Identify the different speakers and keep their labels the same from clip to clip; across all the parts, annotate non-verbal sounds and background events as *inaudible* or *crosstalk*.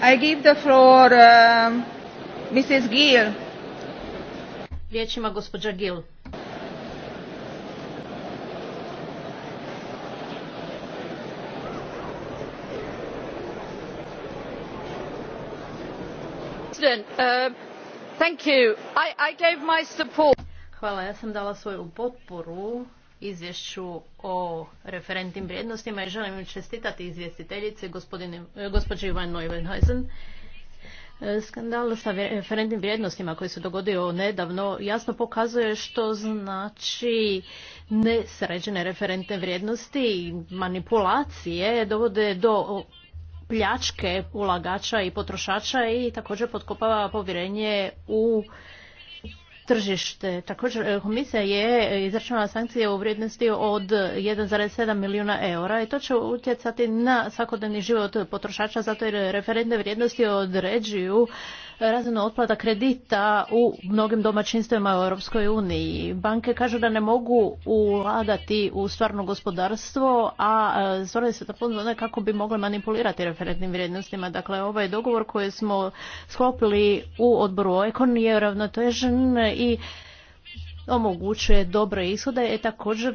Speaker 1: I give the floor uh, um, Mrs. Gill.
Speaker 2: Riječ ima gospođa Gill. Um, Hvala, ja sam dala svoju potporu izvješću o referentnim vrijednostima i želim čestitati izvjestiteljici e, gospođi Van Neuwenhuizen. E, skandal sa referentnim vrijednostima koji se dogodio nedavno jasno pokazuje što znači nesređene referentne vrijednosti, i manipulacije dovode do pljačke ulagača i potrošača i također potkopava povjerenje u tržište. Također, e, komisija je izračunala sankcije u vrijednosti od 1,7 milijuna eura i to će utjecati na svakodnevni život potrošača zato jer referentne vrijednosti određuju razinu otplata kredita u mnogim domaćinstvima u Europskoj uniji. Banke kažu da ne mogu ulagati u stvarno gospodarstvo, a se se da kako bi mogle manipulirati referentnim vrijednostima. Dakle, ovaj dogovor koji smo sklopili u odboru Ekon je ravnotežen i omogućuje dobre ishode i e, također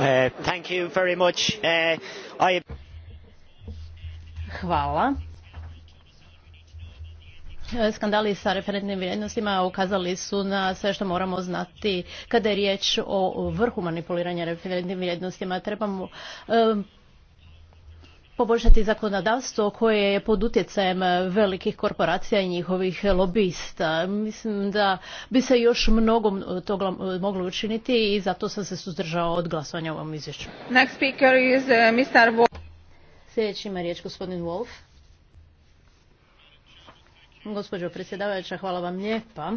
Speaker 2: Uh, uh, Hvala. Skandali sa referentnim vrijednostima ukazali su na sve što moramo znati kada je riječ o vrhu manipuliranja referentnim vrijednostima. Trebamo um, poboljšati zakonodavstvo koje je pod utjecajem velikih korporacija i njihovih lobista. Mislim da bi se još mnogo toga moglo učiniti i zato sam se suzdržao od glasovanja u ovom izvješću.
Speaker 3: Next speaker is eh, Mr.
Speaker 2: Wolf. Sljedeći ima riječ gospodin Wolf. Gospođo predsjedavajuća, hvala vam lijepa.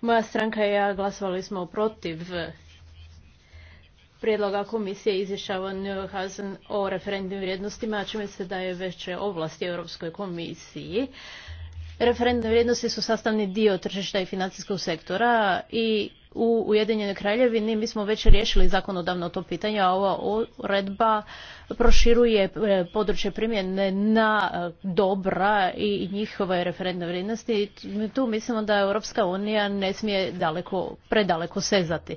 Speaker 2: Moja stranka i ja glasovali smo protiv prijedloga komisije izvješava neuhausen eh, o referendnim vrijednostima, čime se daje veće ovlasti Europskoj komisiji. Referendne vrijednosti su sastavni dio tržišta i financijskog sektora i u Ujedinjenoj kraljevini mi smo već riješili zakonodavno to pitanje, a ova uredba proširuje eh, područje primjene na eh, dobra i njihove referendne vrijednosti. Tu mislimo da Europska unija ne smije daleko, predaleko sezati.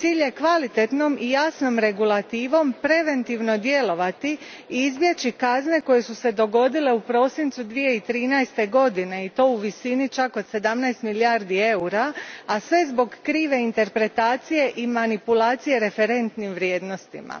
Speaker 3: cilj je kvalitetnom i jasnom regulativom preventivno djelovati i izbjeći kazne koje su se dogodile u prosincu. two thousand and thirteen godine i to u visini čak od seventeen milijardi eura a sve zbog krive interpretacije i manipulacije referentnim vrijednostima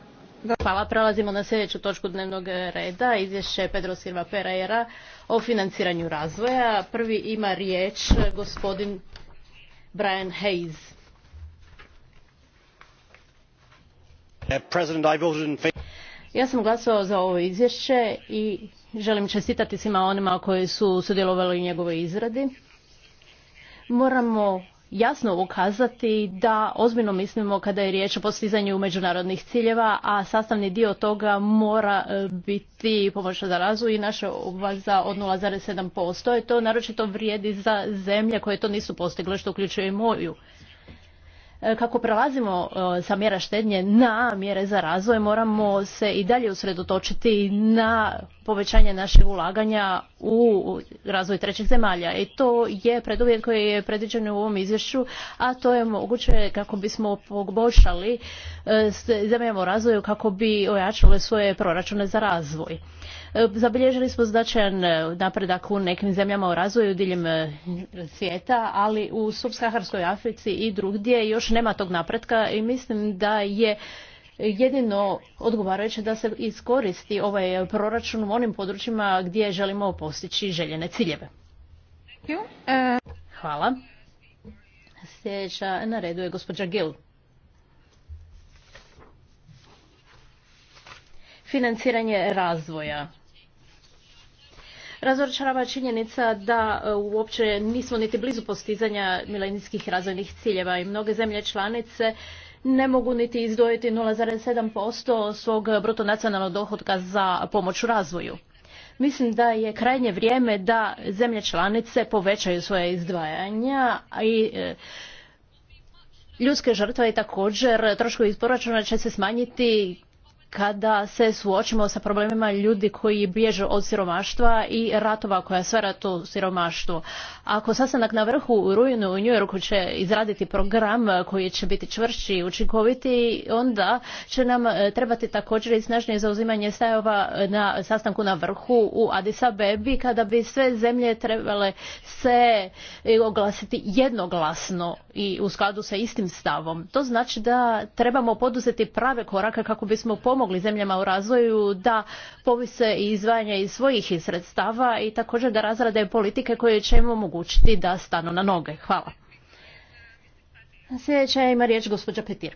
Speaker 2: Hvala. Prelazimo na sljedeću točku dnevnog reda. Izvješće Pedro Silva Pereira o financiranju razvoja. Prvi ima riječ gospodin Brian Hayes. Uh, ja sam glasovao za ovo izvješće i želim čestitati svima onima koji su sudjelovali u njegovoj izradi. Moramo jasno ukazati da ozbiljno mislimo kada je riječ o postizanju međunarodnih ciljeva, a sastavni dio toga mora e, biti pomoć za razvoj i naša obveza od 0,7%. To naročito vrijedi za zemlje koje to nisu postigle, što uključuje i moju. E, kako prelazimo e, sa mjera štednje na mjere za razvoj moramo se i dalje usredotočiti na povećanje naših ulaganja u razvoj trećih zemalja i to je preduvjet koji je predviđen u ovom izvješću a to je moguće kako bismo poboljšali e, zemljama u razvoju kako bi ojačale svoje proračune za razvoj. Zabilježili smo značajan napredak u nekim zemljama u razvoju diljem svijeta, ali u subsaharskoj Africi i drugdje još nema tog napretka i mislim da je jedino odgovarajuće da se iskoristi ovaj proračun u onim područjima gdje želimo postići željene ciljeve. Hvala. Sljedeća na redu je gospođa Gil. Financiranje razvoja razočarava činjenica da e, uopće nismo niti blizu postizanja milenijskih razvojnih ciljeva i mnoge zemlje članice ne mogu niti izdvojiti 0,7% svog brutonacionalnog dohotka za pomoć u razvoju. Mislim da je krajnje vrijeme da zemlje članice povećaju svoje izdvajanja i e, ljudske žrtve i također troškovi iz proračuna će se smanjiti kada se suočimo sa problemima ljudi koji bježe od siromaštva i ratova koja stvara to siromaštvo. Ako sastanak na vrhu u rujnu u New Yorku će izraditi program koji će biti čvršći i učinkoviti, onda će nam e, trebati također i snažnije zauzimanje stajova na sastanku na vrhu u Addis Abebi kada bi sve zemlje trebale se e, oglasiti jednoglasno i u skladu sa istim stavom. To znači da trebamo poduzeti prave korake kako bismo pomogli mogli zemljama u razvoju da povise izdvajanja iz svojih sredstava i također da razrade politike koje će im omogućiti da stanu na noge. Hvala. Sljedeća ima riječ gospođa Petir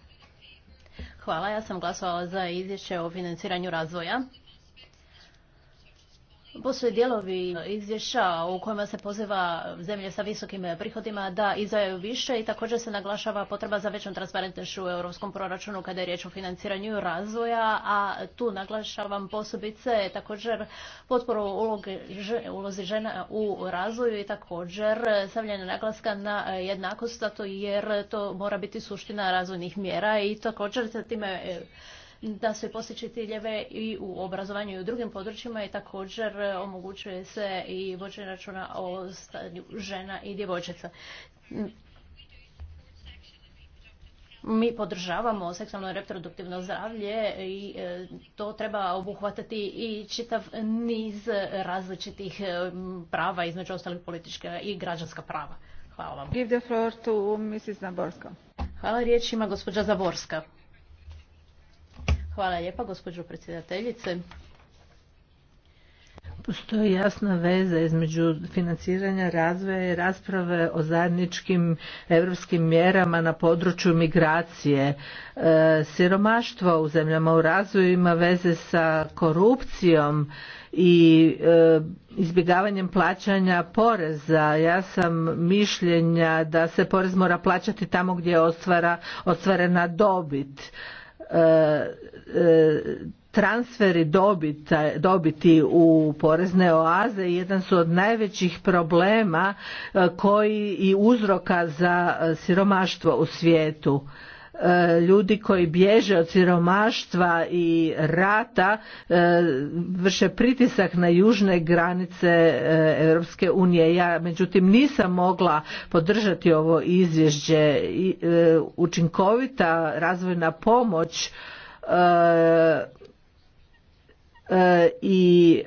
Speaker 2: Hvala, ja sam glasovala za izvješće o financiranju razvoja. Postoje dijelovi izvješća u kojima se poziva zemlje sa visokim prihodima da izdaju više i također se naglašava potreba za većom transparentnošću u europskom proračunu kada je riječ o financiranju razvoja, a tu naglašavam posebice također potporu ulozi žena u razvoju i također stavljanje naglaska na jednakost, zato jer to mora biti suština razvojnih mjera i također se time da se postići ciljeve i u obrazovanju i u drugim područjima i također omogućuje se i vođenje računa o stanju žena i djevojčica. Mi podržavamo seksualno reproduktivno zdravlje i e, to treba obuhvatati i čitav niz različitih e, prava, između ostalih politička i građanska prava. Hvala vam.
Speaker 4: Give the floor to Mrs. Zaborska.
Speaker 2: Hvala, riječ ima gospođa Zaborska. Hvala lijepa, gospođo predsjedateljice.
Speaker 4: Postoji jasna veza između financiranja razvoja i rasprave o zajedničkim europskim mjerama na području migracije. E, siromaštvo u zemljama u razvoju ima veze sa korupcijom i e, izbjegavanjem plaćanja poreza. Ja sam mišljenja da se porez mora plaćati tamo gdje je ostvarena dobit E, e, transferi dobiti u porezne oaze jedan su od najvećih problema e, koji i uzroka za siromaštvo u svijetu E, ljudi koji bježe od siromaštva i rata e, vrše pritisak na južne granice e, Europske unije. Ja međutim nisam mogla podržati ovo izvješće učinkovita razvojna pomoć i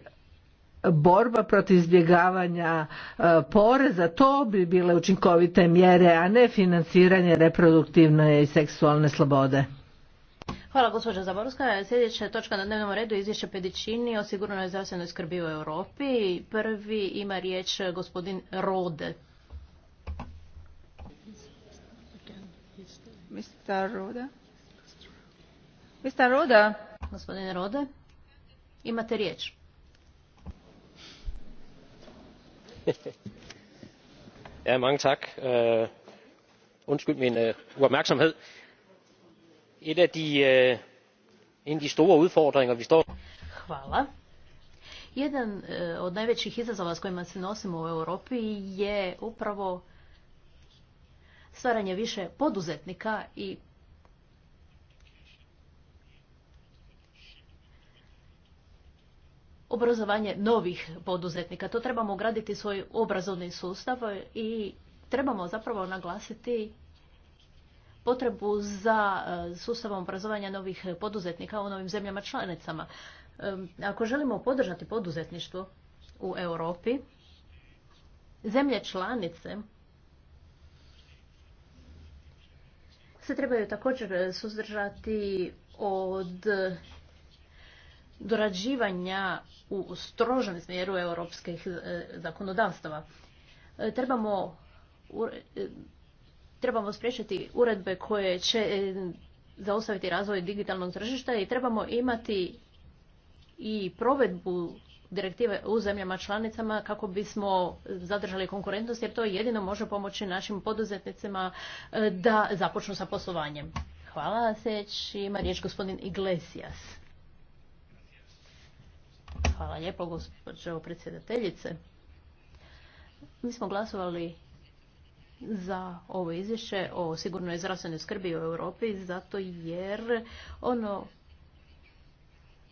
Speaker 4: borba protiv izbjegavanja e, poreza, to bi bile učinkovite mjere, a ne financiranje reproduktivne i seksualne slobode.
Speaker 2: Hvala gospođa Zaborska. Sljedeća točka na dnevnom redu je izvješće Pedičini o sigurnoj zdravstvenoj skrbi u Europi. Prvi ima riječ gospodin Rode. Mr. Rode? Mr. Rode? Gospodine Rode, imate riječ.
Speaker 4: *laughs* mange tak øh, undskyld min øh,
Speaker 2: uopmærksomhed øh, en af de store udfordringer vi står Hvala. Jedan od najvećih izazova s kojima se nosimo u Europi je upravo stvaranje više poduzetnika i obrazovanje novih poduzetnika. To trebamo ugraditi svoj obrazovni sustav i trebamo zapravo naglasiti potrebu za e, sustavom obrazovanja novih poduzetnika u novim zemljama članicama. E, ako želimo podržati poduzetništvo u Europi, zemlje članice se trebaju također e, suzdržati od dorađivanja u strožem smjeru europskih e, zakonodavstava. E, trebamo, e, trebamo spriječiti uredbe koje će zaustaviti razvoj digitalnog tržišta i trebamo imati i provedbu direktive u zemljama članicama kako bismo zadržali konkurentnost jer to jedino može pomoći našim poduzetnicima da započnu sa poslovanjem. Hvala. Sljedeći ima riječ gospodin Iglesias. Hvala lijepo, gospođo predsjedateljice. Mi smo glasovali za ovo izvješće o sigurnoj zdravstvenoj skrbi u Europi zato jer ono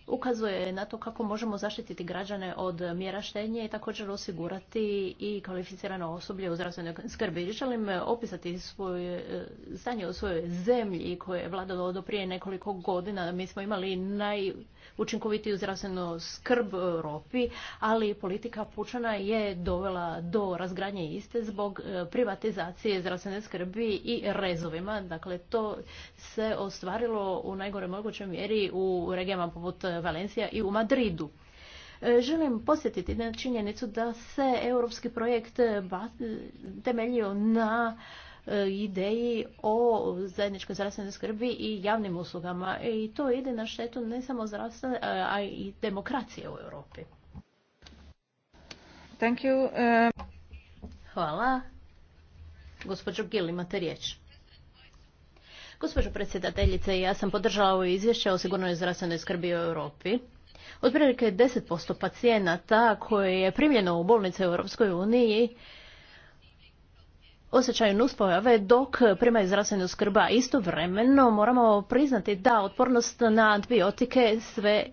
Speaker 2: ukazuje na to kako možemo zaštititi građane od mjera štenje i također osigurati i kvalificirano osoblje u zdravstvenoj skrbi. Želim opisati svoje stanje u svojoj zemlji koje je vladalo do prije nekoliko godina. Mi smo imali naj učinkovitiju zdravstvenu skrb Europi, ali politika pučana je dovela do razgradnje iste zbog e, privatizacije zdravstvene skrbi i rezovima. Dakle, to se ostvarilo u najgore mogućoj mjeri u regijama poput Valencija i u Madridu. E, želim posjetiti na činjenicu da se europski projekt temeljio na E, ideji o zajedničkoj zdravstvenoj skrbi i javnim uslugama. E, I to ide na štetu ne samo zdravstva, e, a i demokracije u Europi. Thank you. Hvala. Gospođo Gil, imate riječ. Gospođo predsjedateljice, ja sam podržala ovo izvješće o sigurnoj zdravstvenoj skrbi u Europi. Otprilike 10% pacijenata koje je primljeno u bolnice u Europskoj uniji osjećaju nuspojave dok primaju zdravstvenu skrba. Istovremeno moramo priznati da otpornost na antibiotike sve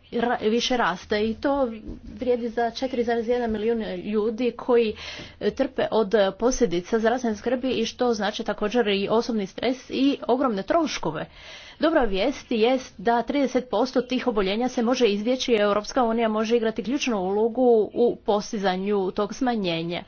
Speaker 2: više raste i to vrijedi za 4,1 milijuna ljudi koji trpe od posljedica zdravstvene skrbi i što znači također i osobni stres i ogromne troškove. Dobra vijest jest da 30% tih oboljenja se može izvjeći i Europska unija može igrati ključnu ulogu u postizanju tog smanjenja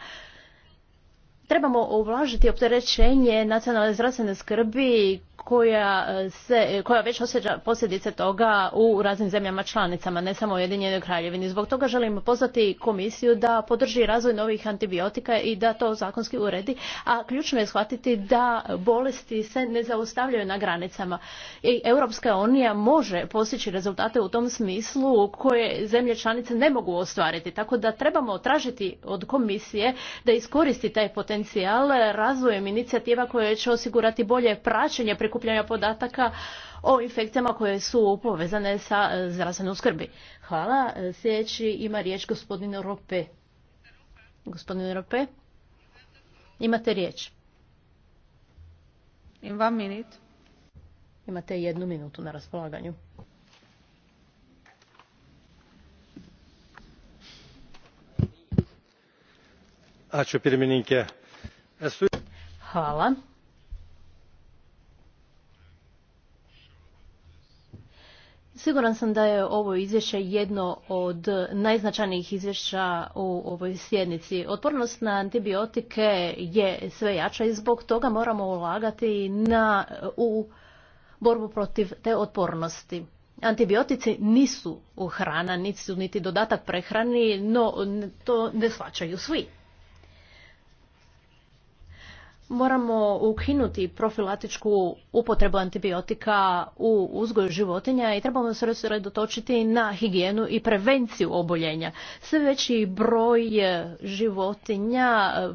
Speaker 2: trebamo uvlažiti opterećenje nacionalne zdravstvene skrbi koja, e, se, e, koja već osjeća posljedice toga u raznim zemljama članicama, ne samo u Jedinjenoj kraljevini. Zbog toga želim pozvati komisiju da podrži razvoj novih antibiotika i da to zakonski uredi, a ključno je shvatiti da bolesti se ne zaustavljaju na granicama. I Europska unija može postići rezultate u tom smislu koje zemlje članice ne mogu ostvariti, tako da trebamo tražiti od komisije da iskoristi taj potencijal razvojem inicijativa koje će osigurati bolje praćenje pri prikupljanja podataka o infekcijama koje su povezane sa e, zdravstvenom skrbi. Hvala. E, sljedeći ima riječ gospodin Rope. Gospodin Rope, imate riječ. In one minute. Imate jednu minutu na raspolaganju. Hvala. Siguran sam da je ovo izvješće jedno od najznačajnijih izvješća u ovoj sjednici. Otpornost na antibiotike je sve jača i zbog toga moramo ulagati na, u borbu protiv te otpornosti. Antibiotici nisu hrana, nisu niti dodatak prehrani, no to ne shvaćaju svi moramo ukinuti profilatičku upotrebu antibiotika u uzgoju životinja i trebamo se usredotočiti na higijenu i prevenciju oboljenja. Sve veći broj e, životinja e,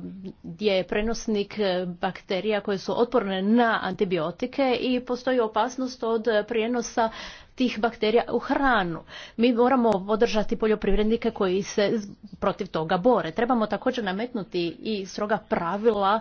Speaker 2: je prenosnik e, bakterija koje su otporne na antibiotike i postoji opasnost od prijenosa tih bakterija u hranu. Mi moramo podržati poljoprivrednike koji se protiv toga bore. Trebamo također nametnuti i stroga pravila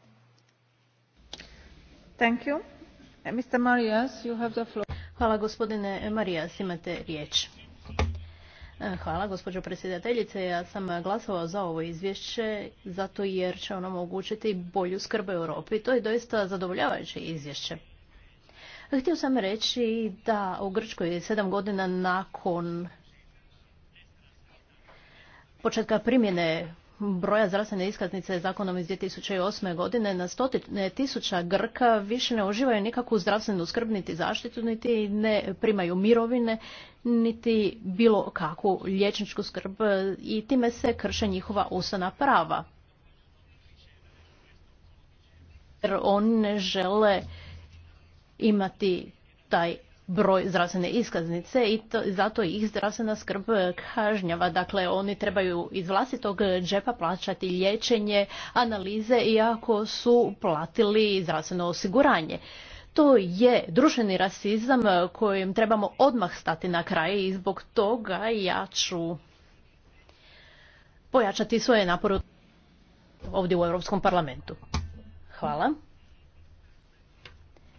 Speaker 2: Hvala gospodine imate riječ. E, hvala gospođo predsjedateljice. Ja sam glasovao za ovo izvješće zato jer će ono omogućiti bolju skrb u Europi. To je doista zadovoljavajuće izvješće. Htio sam reći da u Grčkoj sedam godina nakon početka primjene broja zdravstvene iskaznice zakonom iz 2008. godine na stotine tisuća Grka više ne uživaju nikakvu zdravstvenu skrb niti zaštitu, niti ne primaju mirovine, niti bilo kakvu liječničku skrb i time se krše njihova usana prava. Jer oni ne žele imati taj broj zdravstvene iskaznice i to, zato ih zdravstvena skrb e, kažnjava. Dakle, oni trebaju iz vlastitog džepa plaćati liječenje, analize iako su platili zdravstveno osiguranje. To je društveni rasizam e, kojem trebamo odmah stati na kraj i zbog toga ja ću pojačati svoje napore ovdje u Europskom parlamentu. Hvala.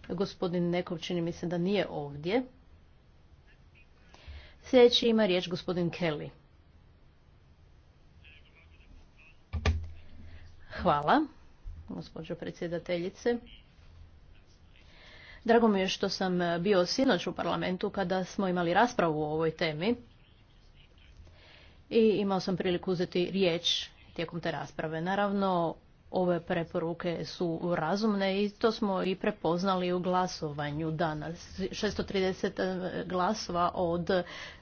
Speaker 2: Gospodin Nekov čini mi se da nije ovdje. Sljedeći ima riječ gospodin Kelly. Hvala, gospođo predsjedateljice. Drago mi je što sam bio sinoć u parlamentu kada smo imali raspravu o ovoj temi i imao sam priliku uzeti riječ tijekom te rasprave. Naravno, ove preporuke su razumne i to smo i prepoznali u glasovanju danas. 630 eh, glasova od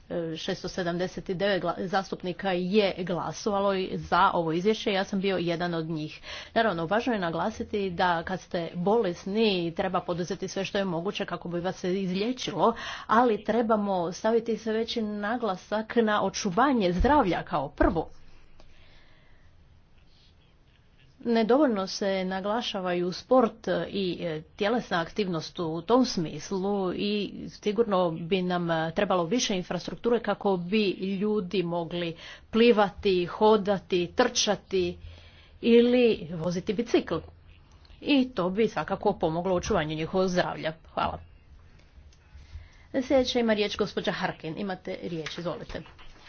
Speaker 2: 679 eh, zastupnika je glasovalo za ovo izvješće. i Ja sam bio jedan od njih. Naravno, važno je naglasiti da kad ste bolesni treba poduzeti sve što je moguće kako bi vas se izlječilo, ali trebamo staviti sve veći naglasak na očuvanje zdravlja kao prvo nedovoljno se naglašavaju sport i e, tjelesna aktivnost u tom smislu i sigurno bi nam e, trebalo više infrastrukture kako bi ljudi mogli plivati, hodati, trčati ili voziti bicikl. I to bi svakako pomoglo očuvanju njihovog zdravlja. Hvala. Sljedeća ima riječ gospođa Harkin. Imate riječ, izvolite.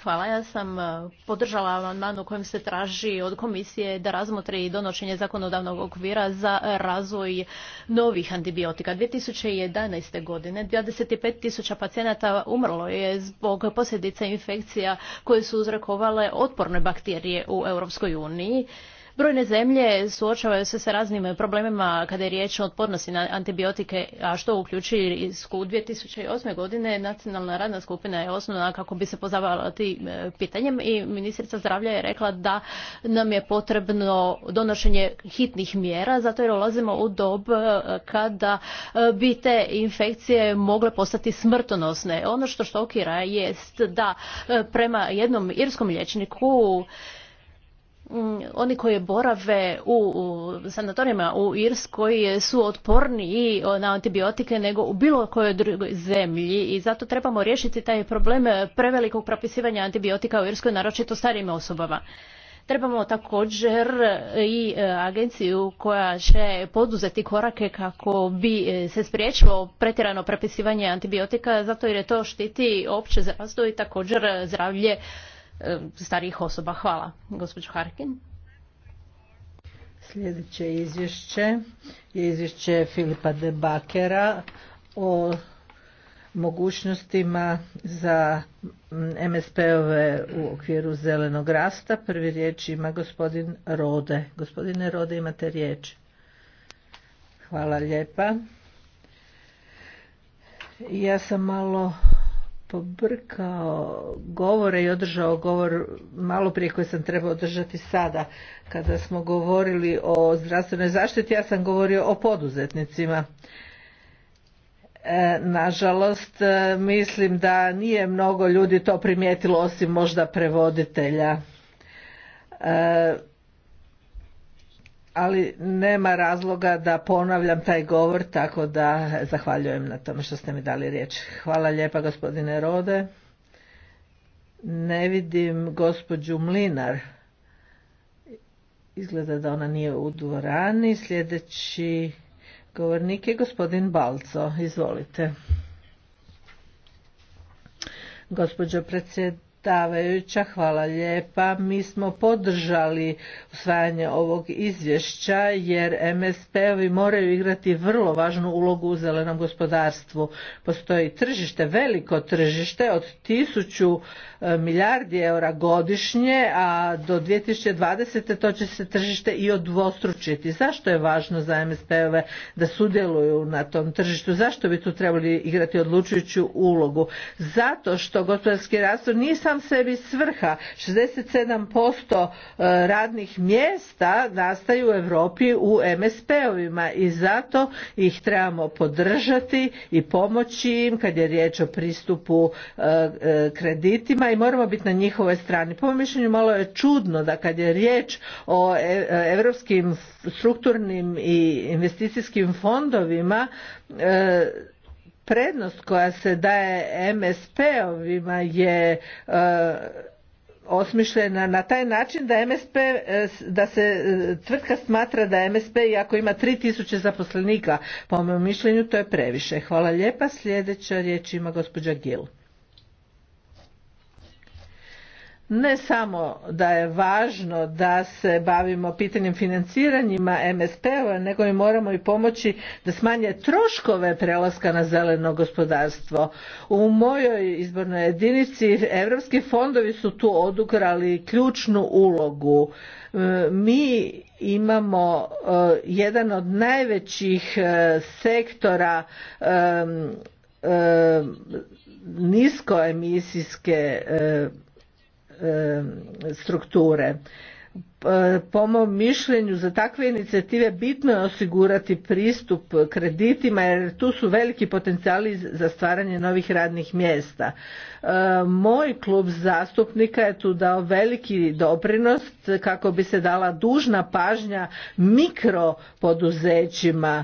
Speaker 2: Hvala. Ja sam e, podržala amandman u kojem se traži od komisije da razmotri donošenje zakonodavnog okvira za razvoj novih antibiotika. 2011. godine 25.000 tisuća pacijenata umrlo je zbog posljedica infekcija koje su uzrokovale otporne bakterije u Europskoj uniji Brojne zemlje suočavaju se sa raznim problemima kada je riječ o otpornosti na antibiotike, a što uključuje isku 2008. godine nacionalna radna skupina je osnovna kako bi se pozavala tim e, pitanjem i ministrica zdravlja je rekla da nam je potrebno donošenje hitnih mjera zato jer ulazimo u dob e, kada e, bi te infekcije mogle postati smrtonosne. Ono što štokira jest da prema jednom irskom liječniku Mm, oni koji borave u sanatorijima u Irskoj su otporniji na antibiotike nego u bilo kojoj drugoj zemlji i zato trebamo riješiti taj problem prevelikog propisivanja antibiotika u Irskoj, naročito starijim osobama. Trebamo također i e, agenciju koja će poduzeti korake kako bi e, se spriječilo pretjerano prepisivanje antibiotika zato jer je to štiti opće zdravstvo i također zdravlje E, starijih osoba. Hvala, gospođo Harkin.
Speaker 4: Sljedeće izvješće je izvješće Filipa de Bakera o mogućnostima za MSP-ove u okviru zelenog rasta. Prvi riječ ima gospodin Rode. Gospodine Rode, imate riječ. Hvala lijepa. Ja sam malo pobrkao govore i održao govor malo prije koji sam trebao održati sada. Kada smo govorili o zdravstvenoj zaštiti, ja sam govorio o poduzetnicima. E, nažalost, e, mislim da nije mnogo ljudi to primijetilo osim možda prevoditelja. E, ali nema razloga da ponavljam taj govor, tako da zahvaljujem na tome što ste mi dali riječ. Hvala lijepa gospodine Rode. Ne vidim gospođu Mlinar. Izgleda da ona nije u dvorani. Sljedeći govornik je gospodin Balco. Izvolite. Gospođo predsjed, predsjedavajuća hvala lijepa mi smo podržali usvajanje ovog izvješća jer MSP-ovi moraju igrati vrlo važnu ulogu u zelenom gospodarstvu postoji tržište veliko tržište od tisuću e, milijardi eura godišnje a do 2020. to će se tržište i odvostručiti zašto je važno za MSP-ove da sudjeluju na tom tržištu zašto bi tu trebali igrati odlučujuću ulogu zato što gospodarski rastor nije sam sebi svrha. 67% e, radnih mjesta nastaju u Europi u MSP-ovima i zato ih trebamo podržati i pomoći im kad je riječ o pristupu e, e, kreditima i moramo biti na njihovoj strani. Po mišljenju malo je čudno da kad je riječ o europskim strukturnim i investicijskim fondovima prednost koja se daje MSP-ovima je e, osmišljena na taj način da MSP, e, da se e, tvrtka smatra da MSP i ako ima 3000 zaposlenika, po mom mišljenju to je previše. Hvala lijepa. Sljedeća riječ ima gospođa Gil ne samo da je važno da se bavimo pitanjem financiranjima MSP-ova, nego im moramo i pomoći da smanje troškove prelaska na zeleno gospodarstvo. U mojoj izbornoj jedinici europski fondovi su tu odugrali ključnu ulogu. E, mi imamo e, jedan od najvećih e, sektora niskoemisijske strukture po mom mišljenju za takve inicijative bitno je osigurati pristup kreditima jer tu su veliki potencijali za stvaranje novih radnih mjesta. E, moj klub zastupnika je tu dao veliki doprinos kako bi se dala dužna pažnja mikropoduzećima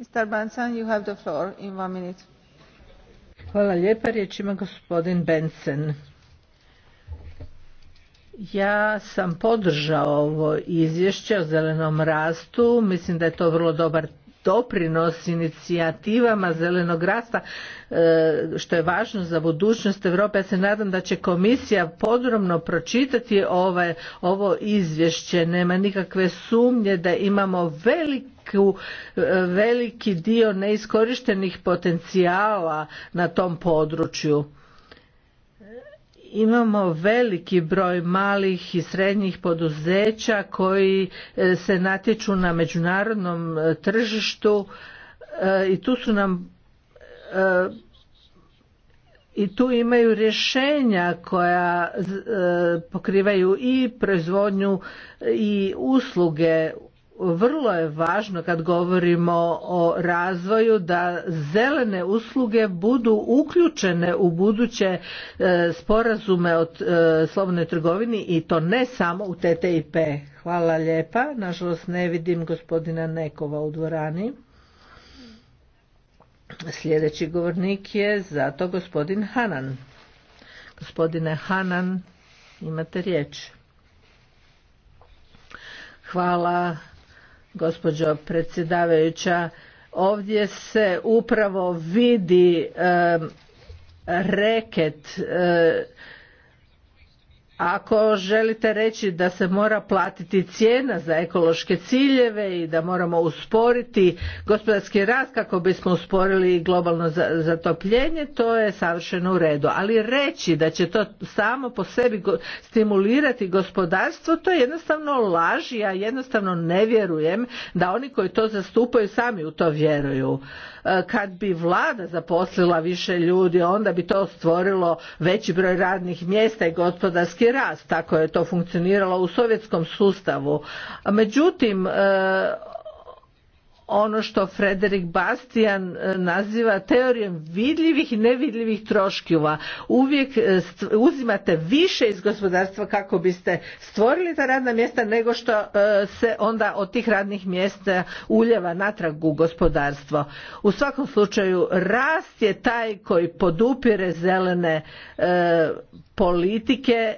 Speaker 4: Mr. gospodin Ja sam podržao ovo izvješće o zelenom rastu, mislim da je to vrlo dobar doprinos inicijativama zelenog rasta e, što je važno za budućnost Europe. Ja se nadam da će komisija podrobno pročitati ovo izvješće. Nema nikakve sumnje da imamo velik veliku, e, veliki dio neiskorištenih potencijala na tom području imamo veliki broj malih i srednjih poduzeća koji e, se natječu na međunarodnom e, tržištu i tu su nam i tu imaju rješenja koja pokrivaju i proizvodnju i usluge vrlo je važno kad govorimo o razvoju da zelene usluge budu uključene u buduće e, sporazume o e, slobodnoj trgovini i to ne samo u TTIP. Hvala lijepa. Nažalost ne vidim gospodina Nekova u dvorani. Sljedeći govornik je zato gospodin Hanan. Gospodine Hanan, imate riječ. Hvala gospođo predsjedavajuća ovdje se upravo vidi reket ako želite reći da se mora platiti cijena za ekološke ciljeve i da moramo usporiti gospodarski rast kako bismo usporili globalno zatopljenje, to je savršeno u redu. Ali reći da će to samo po sebi stimulirati gospodarstvo, to je jednostavno laž. Ja jednostavno ne vjerujem da oni koji to zastupaju sami u to vjeruju. E, kad bi vlada zaposlila više ljudi onda bi to stvorilo veći broj radnih mjesta i gospodarski rast tako je to funkcioniralo u sovjetskom sustavu međutim e, ono što Frederik Bastian e, naziva teorijom vidljivih i nevidljivih troškova. Uvijek e, uzimate više iz gospodarstva kako biste stvorili ta radna mjesta nego što e, se onda od tih radnih mjesta uljeva natrag u gospodarstvo. U svakom slučaju rast je taj koji podupire zelene politike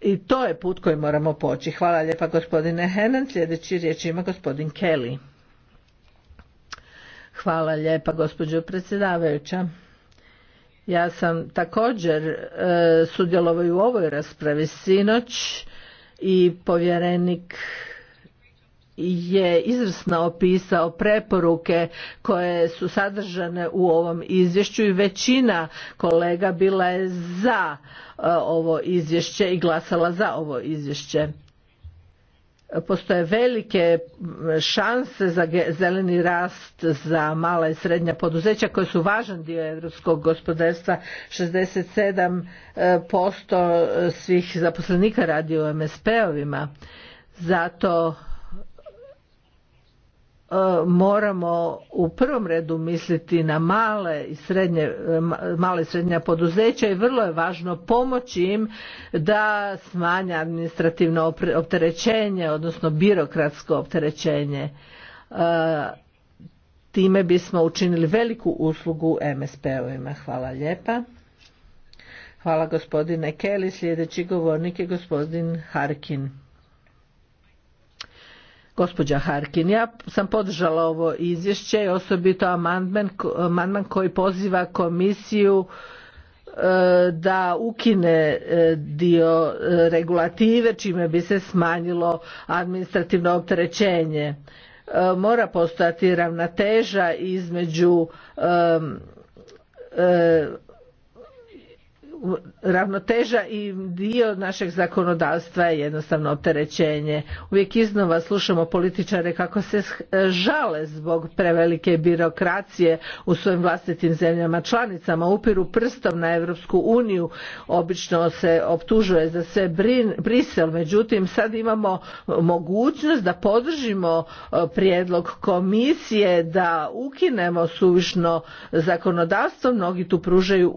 Speaker 4: i to je put koji moramo poći. Hvala lijepa gospodine Henan. Sljedeći riječ ima gospodin Kelly. Hvala lijepa gospođo predsjedavajuća. Ja sam također e, sudjelovao u ovoj raspravi sinoć i povjerenik je izvrsno opisao preporuke koje su sadržane u ovom izvješću i većina kolega bila je za e, ovo izvješće i glasala za ovo izvješće postoje velike šanse za zeleni rast za mala i srednja poduzeća koji su važan dio europskog gospodarstva 67% e, svih zaposlenika radi u MSP-ovima zato E, moramo u prvom redu misliti na male i srednje, e, male srednja poduzeća i vrlo je važno pomoći im da smanja administrativno opterećenje, odnosno birokratsko opterećenje. E, time bismo učinili veliku uslugu MSP-ovima. Hvala lijepa. Hvala gospodine Kelly. Sljedeći govornik je gospodin Harkin gospođa Harkin. Ja sam podržala ovo izvješće i osobito amandman koji poziva komisiju e, da ukine e, dio e, regulative čime bi se smanjilo administrativno opterećenje. Mora postojati ravnoteža između ravnoteža i dio našeg zakonodavstva je jednostavno opterećenje. Uvijek iznova slušamo političare kako se žale zbog prevelike birokracije u svojim vlastitim zemljama članicama, upiru prstom na Europsku uniju, obično se optužuje za sve Brisel, međutim sad imamo mogućnost da podržimo e, prijedlog komisije da ukinemo suvišno zakonodavstvo, mnogi tu pružaju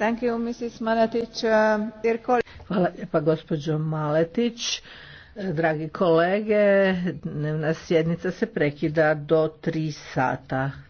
Speaker 4: Um, Hvala gospođo Maletić. Dragi kolege, dnevna sjednica se prekida do tri sata.